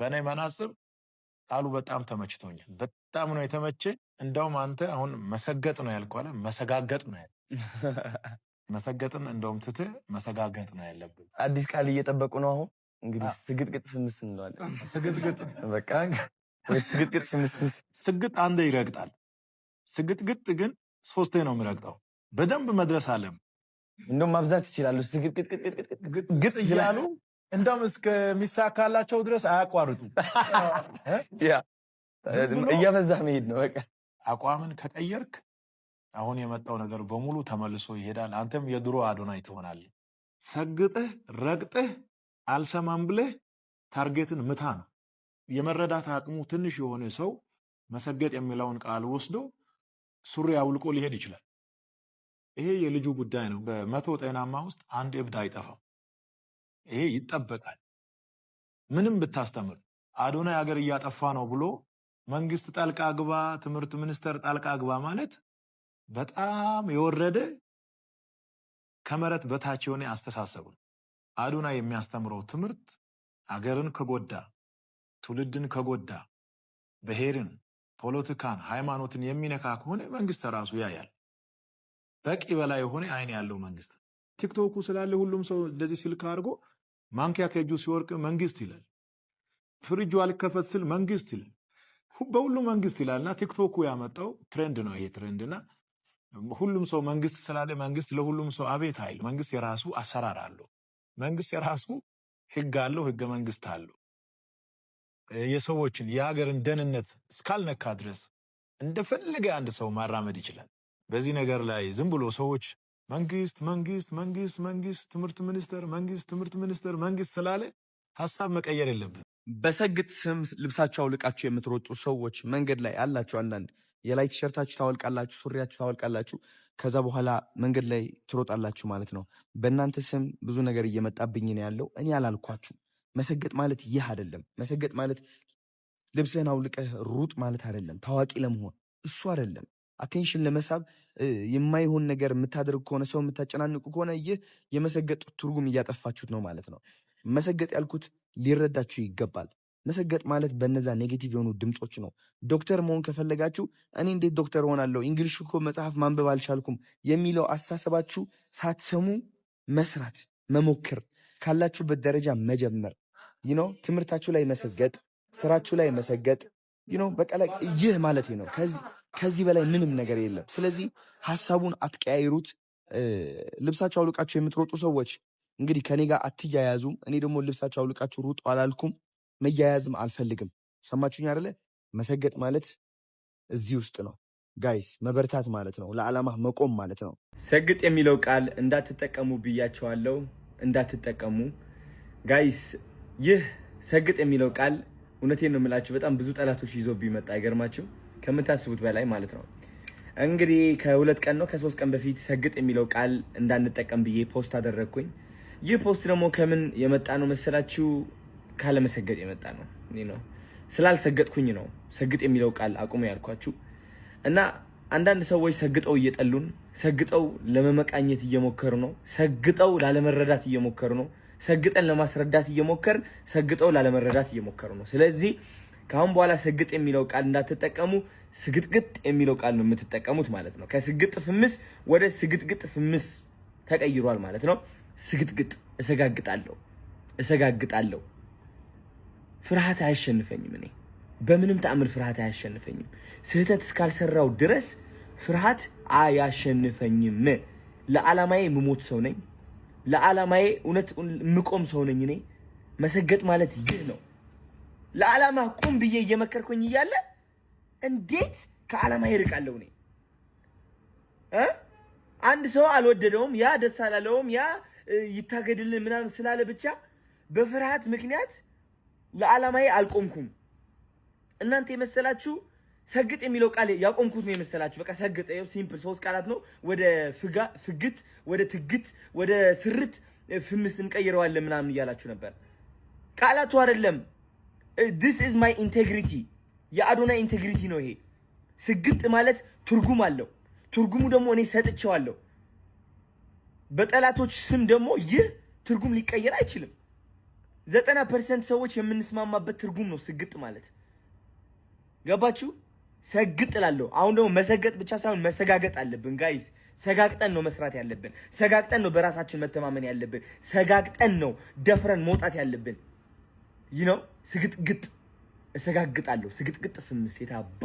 በእኔ መናስብ ቃሉ በጣም ተመችቶኛል። በጣም ነው የተመቸኝ። እንደውም አንተ አሁን መሰገጥ ነው ያልኳለ መሰጋገጥ ነው ያለ መሰገጥን እንደውም ትትህ መሰጋገጥ ነው ያለብን። አዲስ ቃል እየጠበቁ ነው። አሁን እንግዲህ ስግጥግጥ ፍምስ እንለዋለን። ስግጥግጥ በቃ ስግጥግጥ ፍምስምስ። ስግጥ አንዴ ይረግጣል። ስግጥግጥ ግን ሶስቴ ነው የሚረግጠው። በደንብ መድረስ አለም። እንደውም ማብዛት ይችላሉ። ስግጥግጥግጥ እያሉ እንደውም እስከሚሳካላቸው ድረስ አያቋርጡ። እያበዛህ መሄድ ነው በቃ። አቋምን ከቀየርክ አሁን የመጣው ነገር በሙሉ ተመልሶ ይሄዳል። አንተም የድሮ አዶናይ ትሆናለህ። ሰግጥህ ረግጥህ አልሰማም ብለህ ታርጌትን ምታ ነው። የመረዳት አቅሙ ትንሽ የሆነ ሰው መሰገጥ የሚለውን ቃል ወስዶ ሱሪ አውልቆ ሊሄድ ይችላል። ይሄ የልጁ ጉዳይ ነው። በመቶ ጤናማ ውስጥ አንድ እብድ አይጠፋም። ይሄ ይጠበቃል። ምንም ብታስተምር አዶናይ ሀገር እያጠፋ ነው ብሎ መንግስት ጣልቃ ግባ፣ ትምህርት ሚኒስቴር ጣልቃ ግባ ማለት በጣም የወረደ ከመረት በታች የሆነ አስተሳሰብ ነው። አዶናይ የሚያስተምረው ትምህርት አገርን ከጎዳ ትውልድን ከጎዳ ብሔርን፣ ፖለቲካን፣ ሃይማኖትን የሚነካ ከሆነ መንግስት ራሱ ያያል። በቂ በላይ የሆነ አይን ያለው መንግስት ቲክቶኩ ስላለ ሁሉም ሰው እንደዚህ ስልክ አድርጎ ማንኪያ ከእጁ ሲወርቅ መንግስት ይላል። ፍሪጁ አልከፈት ስል መንግስት ይላል። በሁሉም መንግስት ይላል እና ቲክቶኩ ያመጣው ትሬንድ ነው ይሄ ትሬንድ እና ሁሉም ሰው መንግስት ስላለ መንግስት ለሁሉም ሰው አቤት አይል። መንግስት የራሱ አሰራር አለው። መንግስት የራሱ ህግ አለው። ህገ መንግስት አለው። የሰዎችን የሀገርን ደህንነት እስካልነካ ድረስ እንደፈለገ አንድ ሰው ማራመድ ይችላል። በዚህ ነገር ላይ ዝም ብሎ ሰዎች መንግስት መንግስት መንግስት መንግስት ትምህርት ሚኒስቴር መንግስት ትምህርት ሚኒስቴር መንግስት ስላለ ሀሳብ መቀየር የለብን። በሰግጥ ስም ልብሳችሁ አውልቃችሁ የምትሮጡ ሰዎች መንገድ ላይ አላችሁ። አንዳንድ የላይ ቲሸርታችሁ ታወልቃላችሁ፣ ሱሪያችሁ ታወልቃላችሁ። ከዛ በኋላ መንገድ ላይ ትሮጣላችሁ ማለት ነው። በእናንተ ስም ብዙ ነገር እየመጣብኝ ነው ያለው። እኔ አላልኳችሁ። መሰገጥ ማለት ይህ አይደለም። መሰገጥ ማለት ልብስህን አውልቀህ ሩጥ ማለት አይደለም። ታዋቂ ለመሆን እሱ አይደለም። አቴንሽን ለመሳብ የማይሆን ነገር የምታደርግ ከሆነ ሰው የምታጨናንቁ ከሆነ ይህ የመሰገጥ ትርጉም እያጠፋችሁት ነው ማለት ነው። መሰገጥ ያልኩት ሊረዳችሁ ይገባል። መሰገጥ ማለት በነዛ ኔጌቲቭ የሆኑ ድምፆች ነው። ዶክተር መሆን ከፈለጋችሁ እኔ እንዴት ዶክተር እሆናለሁ እንግሊሽ እኮ መጽሐፍ ማንበብ አልቻልኩም የሚለው አስተሳሰባችሁ ሳትሰሙ መስራት፣ መሞክር፣ ካላችሁበት ደረጃ መጀመር፣ ይኖ ትምህርታችሁ ላይ መሰገጥ፣ ስራችሁ ላይ መሰገጥ፣ ይኖ ይህ ማለት ነው ከዚህ ከዚህ በላይ ምንም ነገር የለም። ስለዚህ ሀሳቡን አትቀያይሩት። ልብሳችሁ አውልቃችሁ የምትሮጡ ሰዎች እንግዲህ ከኔ ጋር አትያያዙም። እኔ ደግሞ ልብሳችሁ አውልቃችሁ ሩጡ አላልኩም፣ መያያዝም አልፈልግም። ሰማችሁኝ አይደለ? መሰገጥ ማለት እዚህ ውስጥ ነው ጋይስ፣ መበርታት ማለት ነው፣ ለዓላማ መቆም ማለት ነው። ሰግጥ የሚለው ቃል እንዳትጠቀሙ ብያቸዋለሁ፣ እንዳትጠቀሙ ጋይስ። ይህ ሰግጥ የሚለው ቃል እውነቴን ነው የምላችሁ በጣም ብዙ ጠላቶች ይዞ ቢመጣ አይገርማችሁ ከምታስቡት በላይ ማለት ነው። እንግዲህ ከሁለት ቀን ነው ከሶስት ቀን በፊት ሰግጥ የሚለው ቃል እንዳንጠቀም ብዬ ፖስት አደረግኩኝ። ይህ ፖስት ደግሞ ከምን የመጣ ነው መሰላችሁ? ካለመሰገጥ የመጣ ነው ነው ስላልሰገጥኩኝ ነው ሰግጥ የሚለው ቃል አቁሙ ያልኳችሁ እና አንዳንድ ሰዎች ሰግጠው እየጠሉን፣ ሰግጠው ለመመቃኘት እየሞከሩ ነው፣ ሰግጠው ላለመረዳት እየሞከሩ ነው፣ ሰግጠን ለማስረዳት እየሞከርን ሰግጠው ላለመረዳት እየሞከሩ ነው። ስለዚህ ከአሁን በኋላ ስግጥ የሚለው ቃል እንዳትጠቀሙ ስግጥግጥ የሚለው ቃል ነው የምትጠቀሙት ማለት ነው። ከስግጥ ፍምስ ወደ ስግጥግጥ ፍምስ ተቀይሯል ማለት ነው። ስግጥግጥ እሰጋግጣለሁ፣ እሰጋግጣለሁ። ፍርሃት አያሸንፈኝም። እኔ በምንም ተአምር ፍርሃት አያሸንፈኝም። ስህተት እስካልሰራው ድረስ ፍርሃት አያሸንፈኝም። ለዓላማዬ የምሞት ሰው ነኝ። ለዓላማዬ እውነት የምቆም ሰው ነኝ። እኔ መሰገጥ ማለት ይህ ነው። ለዓላማ ቁም ብዬ እየመከርኩኝ እያለ እንዴት ከዓላማ ይርቃለሁ? እኔ አንድ ሰው አልወደደውም፣ ያ ደስ አላለውም፣ ያ ይታገድልን ምናምን ስላለ ብቻ በፍርሃት ምክንያት ለዓላማዬ አልቆምኩም። እናንተ የመሰላችሁ ሰግጥ የሚለው ቃል ያቆምኩት ነው የመሰላችሁ። በቃ ሰግጥ ይኸው ሲምፕል ሶስት ቃላት ነው። ወደ ፍጋ፣ ፍግት፣ ወደ ትግት፣ ወደ ስርት፣ ፍምስ እንቀይረዋለን ምናምን እያላችሁ ነበር። ቃላቱ አይደለም ዲስ ኢዝ ማይ ኢንቴግሪቲ የአዶናይ ኢንቴግሪቲ ነው ይሄ። ስግጥ ማለት ትርጉም አለው። ትርጉሙ ደግሞ እኔ ሰጥቼዋለሁ። በጠላቶች ስም ደግሞ ይህ ትርጉም ሊቀየር አይችልም። ዘጠና ፐርሰንት ሰዎች የምንስማማበት ትርጉም ነው ስግጥ ማለት። ገባችሁ? ሰግጥ እላለሁ። አሁን ደግሞ መሰገጥ ብቻ ሳይሆን መሰጋገጥ አለብን ጋይስ። ሰጋግጠን ነው መስራት ያለብን። ሰጋግጠን ነው በራሳችን መተማመን ያለብን። ሰጋግጠን ነው ደፍረን መውጣት ያለብን። ይህ ነው ስግጥግጥ እሰጋግጣለሁ ስግጥግጥ ፍምስ የታባ